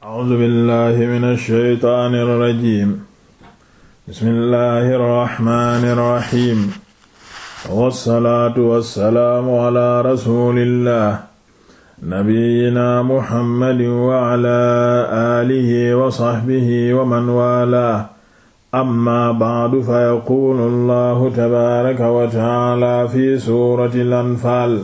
A'uuzu billaahi mina shaytaani rajiim. Bismillaahi rahmaani rahiim. Wassalaatu wassalaamu alaa rasuulillaah. Nabiyyinaa Muhammadin wa alaa aalihi wa sahbihi wa man waalaah. Ammaa ba'du fa yaquulu Allaahu tabaaraka wa ta'aalaa fi suuratil Anfaal.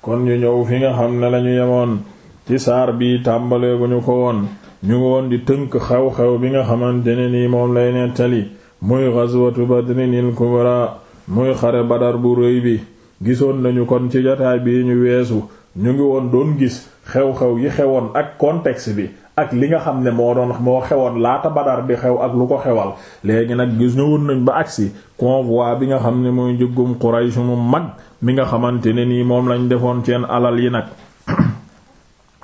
Kon ñu ñëw fi nga xam ne lañu yemoon. ci saar bi tàmbalee gu ñu ko woon ñu ngi woon di tënk xew-xew bi nga xamante ne nii moom lay nettali muy ghazwatu badrinil kubra muy xare badar bu rëy bi gisoon nañu kon ci jotaay bii ñu weesu ñu ngi woon doon gis xew-xew yi xewoon ak contexte bi ak li nga xam ne moo xewoon laata badar bi xew ak lu ko xewal léegi nag gis ñëwoon nañ ba agsi convoi bi nga xam ne mooy njëggum Quraysh mu mag mi nga xamante ne nii moom lañ defoon seen alal yi nag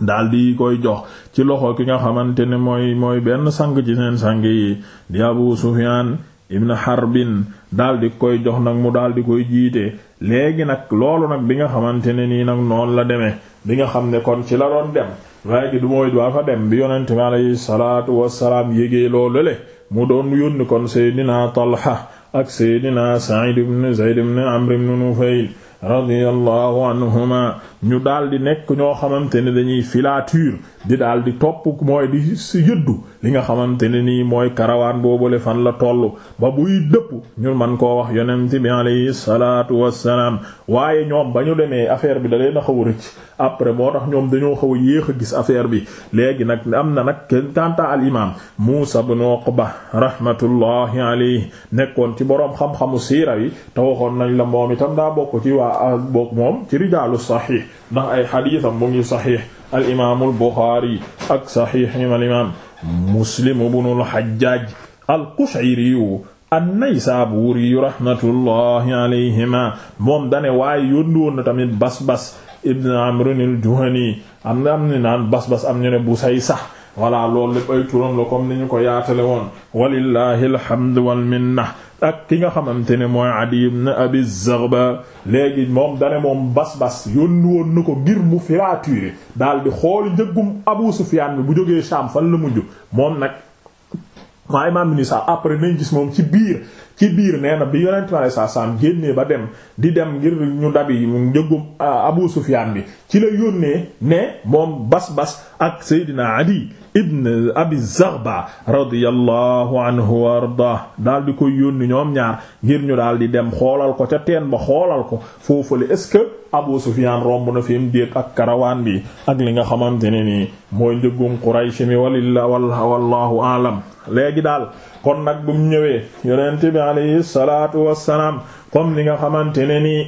daal di koy jox ci loxo ki nga xamante ne mooy mooy benn sang ci seen sang yi di Abu Sufyan ibn Harbin daal di koy jox nag mu daal di koy jiite léegi nag loolu nag bi nga xamante ne nii nag noonu la demee bi nga xam ne kon ci la doon dem waaye gi du mooy dwaa fa dem bi yonente mi alayhi salaatu wassalaam yégee loolu le mu doon yónni kon Seydina Talha ak Seydina Zayd ibn Amr ibn Nufayl radiyallahu anhuma ñu daal di nekk ñoo xamante ne dañuy filature di daal di topp mooy di si yëddu li nga xamante ne nii mooy karawaan boobule fan la toll ba buy dëpp ñu man koo wax yonent bi alayhi salaatu wassalaam waaye ñoom ba ñu demee affaire bi da leen a xaw a rëcc après boo tax ñoom dañoo xaw yéex a gis affaire bi léegi nag am na nag kenn tanta al imaam Muusa ibn Uqba rahmatullahi alayhi nekkoon ci boroom xam-xamu siira yi te waxoon nañ la moom itam daa bokk ci waa bokk moom ci rijaalu sahih ndax ay xadiisam mu ngi saxiix al imaamul buxaari ak saxiix al imaam muslim ibnul xajjaaj al qushayriyu an-naysaabuuri rahmatullahi moom dane waaye yónni woon na tamit bas-bas ibn amrin al-juhani am na am ni naan bas-bas am ñu ne bu say sax voilà lool lépp ay turam la comme ni ñu ko yaatale woon walillahi alhamdu wal ak ki nga xamante ne mooy Adi ibn Abi Zaghba léegi moom dane moom bas-bas yónni woon ko ngir mu filature daal di xool njëggum Abu Sufyaan bi bu jógee Sham fan la mujj moom nag maa imaam ni sax après nañ gis moom ci biir ci biir nee na bi yonent ma ne saa saam génnee ba dem di dem ngir ñu dabi njëggum Abu Sufyaan bi ci la yónnee ne moom bas-bas ak Seydina Adi ibn Abi Zarba radiyallahu anhu wa arda daal di koy yónni ñoom ñaar ngir ñu daal di dem xoolal ko ca teen ba xoolal ko foofale est-ce que Abu Sufyaan romb na fi mu déet ak karawaan bi ak li nga xamante ne nii mooy njëggum Quraysh mi walillah wallahu aalam léegi daal kon nag bu mu ñëwee yonent bi alayhi salaatu wassalaam comme ni nga xamante ne nii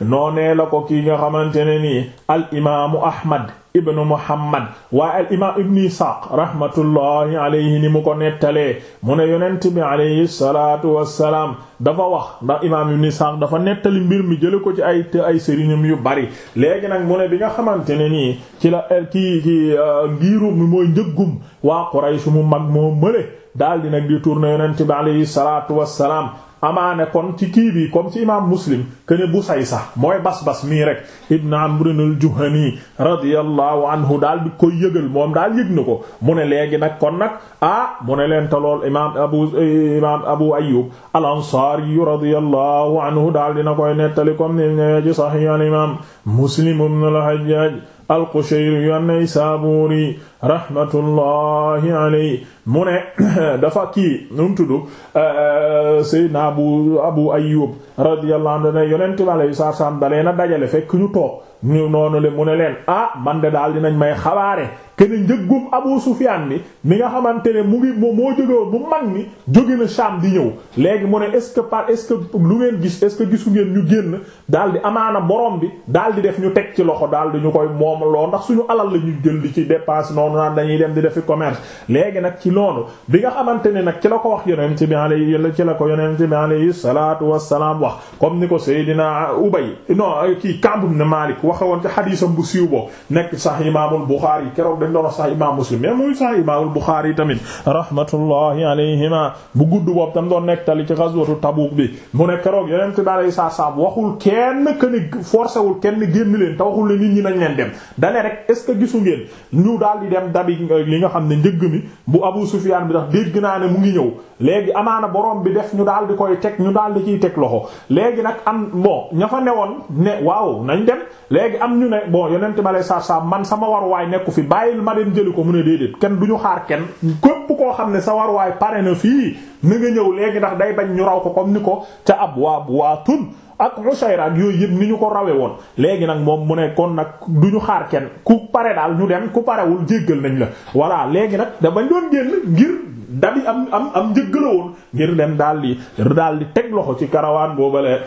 noonee la ko kii nga xamante ne nii al imaamu Ahmad ibnu Muhammad waa al imaam ibnu Isaaq rahmatullahi alayhi ni mu ko nettalee mu ne yonent bi alayhi salaatu wassalaam dafa wax ndax imaam ibnu Isaaq dafa nettali mbir mi jële ko ci ay te ay sëriñam yu bari léegi nag mu ne bi nga xamante ne nii ci la er kii kii euh, ngiiru mi mooy njëggum waa Quraysh mu mag moo mële daal di nag di tourner yonent bi alayhi salaatu wassalaam ne kon ci kii bi comme ci imaam muslim kene bu say sax mooy bas-bas mii rek ibn amrinul juhani radiyallahu anhu daal di koy yëgal moom daal yëg na ko mu ne léegi nag kon nag ah mu ne leen ta lool imaam abu imaam abu ayyub al ansari radiyallahu anhu daal dina koy nettali comme ni ñëwee ci sahih al imaam muslim ibn al hajjaj al-Qushayri an-Naysaburi rahmatullahi alayhi mu ne dafa kii nu mu tudd euh, euh, Seydina Abu Abu Ayyub radiyallahu anhu ne yonent bi alayhi salaam dalee na dajale fekk ñu toog ñu noonu le mu ne leen ah man de daal dinañ may xabaare kene njëggum Abu Sufyaan bi mi nga xamante ne mu ngi moo jógewoon bu mag ni jóge na Sham di ñëw léegi mu ne est par est lu ngeen gis est-ce que gisu ngeen ñu génn daal di amaana borom bi daal di def ñu teg ci loxo daal di ñu koy moom loo ndax suñu alal la ñu jël di ci dépense noonu naan dañuy dem di defi commerce léegi nag ci noonu bi nga xamante ne nag ci la ko wax yonent bi alayhi ci la ko yonent bi alayhi salaatu wassalaam wax comme ni ko Seydina Ubay non kii Ka'b ibn Malik waxe woon ci xadiisam bu siiw bo nekk sax imaamul Buxaari keroog dañ doon sax imaam Muslim mais muy sax imaamul Buxaari tamit rahmatullahi alayhima bu gudd boobu tam doon nekk tali ci gazwatu Tabuuk bi mu ne keroog yeneen ci daal saa saa waxul kenn kenn forcé kenn génn leen te waxul ne nit ñi nañ leen dem dane rek est gisu ngeen ñu daal di dem dabi li nga xam ne njëgg mi bu Abu Sufyaan bi tax dégg naa ne mu ngi ñëw léegi amaana borom bi def ñu daal di koy teg ñu daal di ciy teg loxo léegi nag am bon ña léegi am ñu ne bon yonent ma lay saa saa man sama waruwaay nekku fi bàyyil ma dem jëli ko mu ne déedéet kenn du ñu xaar kenn këpp koo xam ne sa waruwaay pare na fii na nga ñëw léegi ndax day bañ ñu raw ko comme ni ko ca ab waa waatun ak Ushayra ak yooyu yëpp ni ñu ko rawe woon léegi nag moom mu ne nag du ñu xaar kenn ku pare daal ñu dem ku parewul jéggal nañ la voilà léegi nag da bañ doon génn ngir dabi am am am njëgg la woon ngir dem daal di daal di teg loxo ci karawaan boobale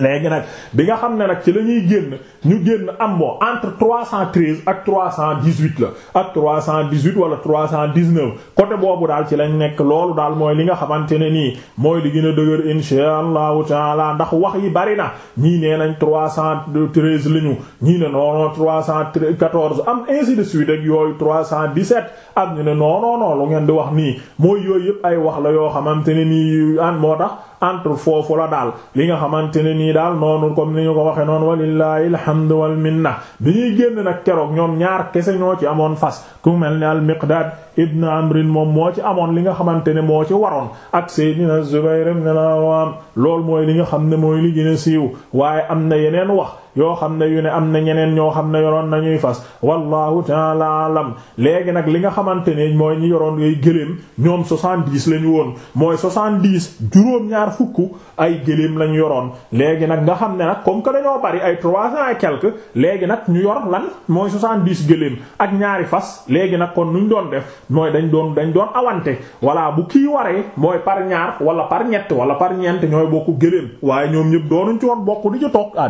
léegi nag bi nga xam ne nag ci la ñuy génn ñu génn am moo entre trois cent treize ak trois cent dix-huit la ak trois cent dix-huit wala trois cent dix-neuf côté boobu daal ci lañ nekk loolu daal mooy li nga xamante ne nii mooy li gën a dëgër insha allahu taala ndax wax yi bari na ñii nee nañ trois cent treize la ñu ñii ne noonon trois cent quatorze am ainsi de suite ak yooyu trois cent dix-sept am ñu ne noonoonoo lu ngeen di wax nii mooy yooyu yëpp ay wax la yoo xamante ne nii an moo tax entre foofu la daal li nga xamante ne nii daal noonu comme ni ñu ko waxee noonu walillahi alhamdu wal minna bi ñuy génn nag keroog ñoom ñaar kese ñoo ci amoon fas ku mel ni al-Miqdaad ibn Amr moom moo ci amoon li nga xamante ne moo ci waroon ak Seydina Zubayr ibn al loolu mooy li nga xam ne mooy li gën a siiw waaye am na yeneen wax yoo xam ne yu ne am na ñeneen ñoo xam ne yoroon nañuy fas wallahu ta'ala alam léegi nag li nga xamante ne mooy ñi yoroon ay gëléem ñoom soixante-dix lañu woon mooy soixante-dix juróom-ñaar fukk ay gëléem lañu yoroon léegi nag nga xam ne comme que dañoo bari ay trois cents et quelques léegi nag ñu yor lan mooy soixante-dix gëléem ak ñaari fas léegi nag kon nu ñu doon def mooy dañ doon dañ doon awante walaa bu kii waree mooy par ñaar wala par ñett wala par ñeent ñooy bokk gëléem waaye ñoom ñëpp doonuñ ci woon bokk di ci toog ah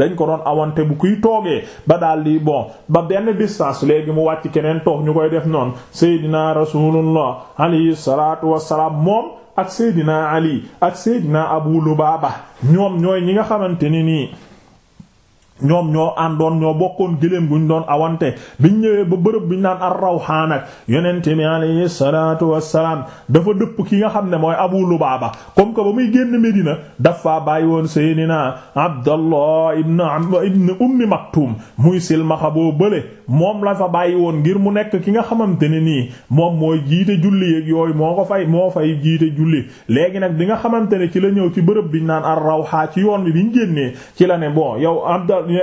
dañ ko doon awante bu kuy toogee ba daal di bon ba benn distance léegi mu wàcc keneen toog ñu koy def noon Seydina Rasulullah alayhi salaatu wassalaam moom ak Seydina Ali ak Seydina Abu Lubaaba ñoom ñooy ñi nga xamante ni nii ñoom ñoo àndoon ñoo bokkoon gëléem ñu doon awante biñ ñëwee ba bërëb biñ naan ar-Rawhaa nag yonent bi alayhi salaatu wassalaam dafa dëpp ki nga xam ne mooy Abu Lubaaba comme que ba muy génn Medina dafa bàyyi woon Seydina naa ibn ibn Ummi Maktum muy silmaxa boo bële moom la fa bàyyi woon ngir mu nekk ki nga xamante ne nii moom mooy jiite julli yeeg yooyu moo ko fay moo fay jiite julli léegi nag bi nga xamante ne ci la ñëw ci bërëb biñ naan ar-Rawhaa ci yoon bi biñ génnee ci la ne bon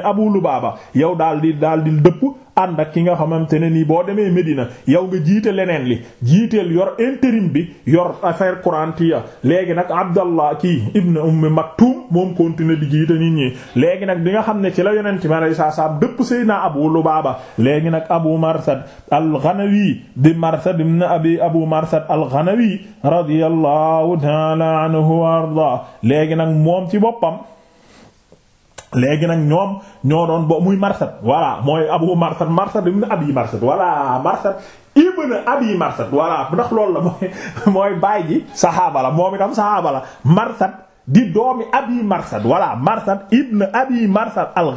Abu baaba yow daal di daal di dëpp ànd ak ki nga xamante ne nii boo demee Medina yow bi jiite leneen li jiiteel yor intérim bi yor affaire courante ya léegi nag Abdallah ki Ibn Umm Maktum moom continuer di jiite nit ñi léegi nag bi nga xam ne ci la ti ma lay saa saa dëpp Seydina lu baaba léegi nag Abu Marsad al-Ghanawi di Marsad ibn Abi Abu Marsad al-Ghanawi radiyallahu ta'ala anhu wa arda léegi nag moom ci boppam léegi nag ñoom ñoo doon bo muy marsad voilà mooy abu marsad marsad ibn abi marsad voilà marsad ibn abi marsad voilà ndax loolu la mooy mooy baay sa saxaaba la moom itam saxaaba la marsad di doomi abi marsad walla marsad ibn abi marsad al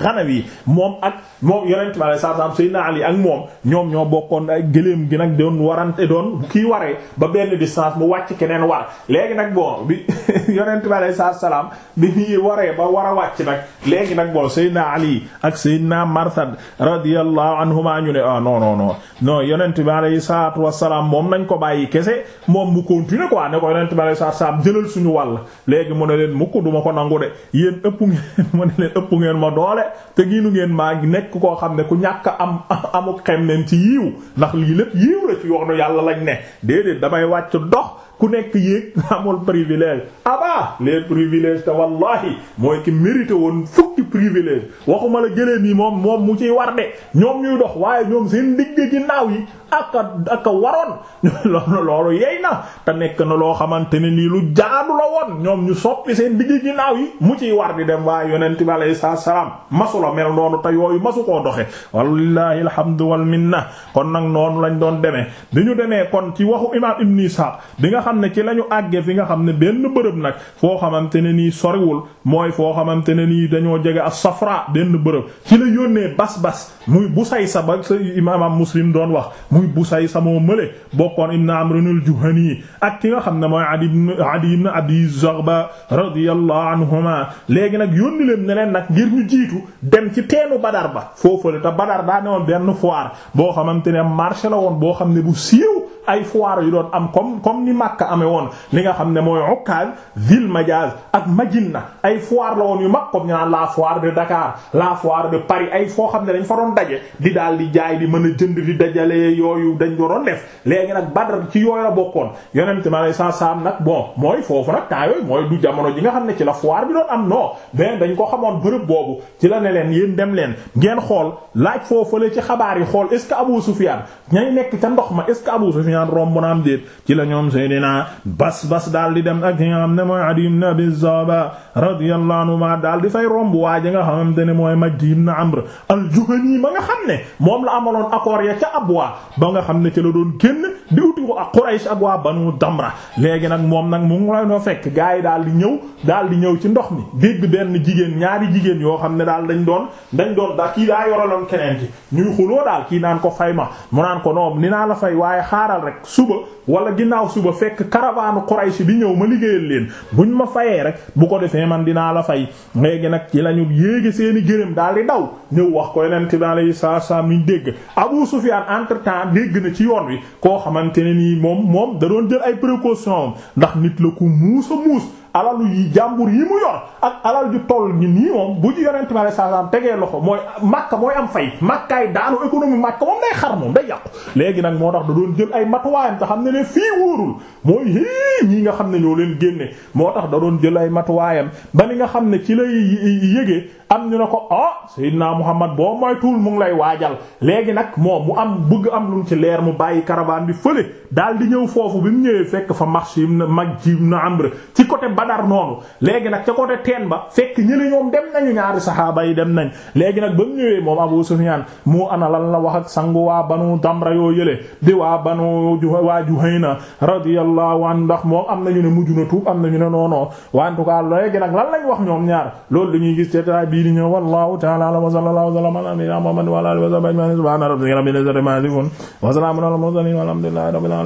moom ak moom yonent bi alayhi salaam sayyidina ali ak moom ñoom ñoo bokkoon ay gëléem gi nag doon warante doon kii waree ba benn distance mu wàcc keneen war léegi nag bon bi yonent bi alayhi salaam bi ñuy waree ba war a wàcc nag léegi nag bon sayyidina ali ak sayyidina marsad radiyallahu anhuma ñu ne ah non non non non yonent bi alayhi salaatu wassalaam moom nañ ko bàyyi kese moom mu continuer quoi ne ko yonent bi alayhi salaam jëlal suñu wàll léegi mu ne leen mukk duma ko nangu de yéen ëpp ngeen ma ne leen ëpp ngeen ma doole te giinu ngeen maa nekk koo xam ne ku ñàkk am amuk xem neen ci yiw ndax lii lépp yiiw la ci yoonu yàlla lañ ne déedéet damay wàcc dox ku nekk yéeg amul privilège aba ah les privilèges te wallahi mooy ki mérité woon fukki privilège waxuma la gëléem yi moom moom mu ciy war de ñoom ñuy dox waaye ñoom seen digg ginnaaw yi ak a ak waroon loolu yey na te nekk na loo xamante ne nii lu jaadu la woon ñoom ñu soppi seen digg ginnaaw yi mu ciy war di dem waaye yonent bi alayhi salaam masu la mel noonu te yooyu masu koo doxe wallahi alhamdu wal minna kon nag noonu lañ doon demee bi ñu demee kon ci waxu imaam ibn Isa xam ne ci la ñu àggee fi nga xam ne benn bërëb nag foo xamante ne nii soriwul mooy foo xamante ne nii dañoo jege as-Safra benn bërëb ci la yónnee bas-bas muy Busaysa ba sa imaam Muslim doon wax muy Busaysa moo mële bokkoon ibn Amr al-Juhani ak ki nga xam ne mooy Adi ibn Adi ibn Abi Zaghba radiyallahu anhuma léegi nag yónni leen ne nag ngir ñu jiitu dem ci teenu Badar ba foofale te Badar daa ne woon benn foire boo xamante ne marché la woon boo xam ne bu siiw ay foire yu doon am comme comme ni makk amee woon li nga xam ne mooy Ukaaz Zil Majaaz ak na ay foire la woon yu mag comme ñu la foire de Dakar la foire de Paris ay foo xam ne dañ fa doon daje di daal di jaay di mën a jënd di dajale yooyu dañ ko doon def léegi nag Badr ci yooyu la bokkoon yonent ma lay sa saam nag mooy foofu nag mooy du jamono ji nga xam ne ci la foire am non mais dañ ko xamoon bërëb boobu ci la ne leen yéen dem leen ngeen xool laaj foofu foofale ci xabaar yi xool est ce que Abu Sufyan ñay nekk ca ndox ma est ce Abu Sufyan Sufyaan romb na am déet ci la ñoom Seydina Bas Bas daal di dem ak ki nga xam ne mooy Adi ibn Abi Zaaba radiyallahu anhu ma daal di fay romb waa ji nga xamante ne mooy Majdi ibn Amr al-Juhani ma nga xam ne moom la amaloon accord ya ca Abwa ba nga xam ne ci la doon génn di uti ko ak Quraysh ak waa Banu Damra léegi nag moom nag mu ngi lay noo fekk gaa yi daal di ñëw daal di ñëw ci ndox mi dégg benn jigéen ñaari jigéen yoo xam ne daal dañ doon dañ doon da kii daa yoraloon keneen ki ñuy xuloo daal kii naan ko ma daal rek suba wala ginnaaw suba fekk caravane Quraysh bi ñëw ma liggéeyal leen buñ ma fayee rek bu ko defee man dinaa la fay léegi nag ci la ñu yéege seeni gërëm daal di daw ñëw wax ko yonent bi alayhi salaatu salaam niñ dégg Abu Sufyaan entre temps dégg na ci yoon wi koo xamante ne nii moom moom da doon jël ay précautions ndax nit la ko muus muus alalu yi jàmbur yi mu yor ak alal ju toll ni nii moom bu ci yonent ma saa saa tegee loxo mooy makka mooy am fay makkaay daanu économie makka moom day xar moom day yàqu. léegi nag moo tax da doon jël ay matuwaayam te xam ne ne fii wóorul ñii nga xam ne ñoo leen génne moo tax da doon jël ay matuwaayam ba nga xam ne ci lay yëgee am ñu ne ko ah Seydina Muhammad boo moytuwul mu ngi lay waajal léegi nag moom mu am bëgg am lu mu ci leer mu bàyyi caravane bi fële daal di ñëw foofu bi mu ñëwee fekk fa marché yi na mag ji na ambre ci côté Badar noonu léegi nag ca côté teen ba fekk ñëli ñoom dem nañu ñaari saxaaba yi dem nañ léegi nag ba mu ñëwee moom Abu Sufyaan mu ana lan la wax ak sangu waa banu Damra yoo yële di waa banu waa Juhayna radiyallahu anhu ndax moom am nañu ne mujj na tuub am nañu ne noono wa en tout cas léegi nag lan lañ wax ñoom ñaar loolu dañuy gis ci tay bii di ñëw wallahu ta'ala wa sallallahu wa sallama ala muhammad wa ala alihi wa sahbihi subhana rabbika rabbil izzati amma yasifun wa salamun ala al mursalin walhamdulillahi rabbil alamin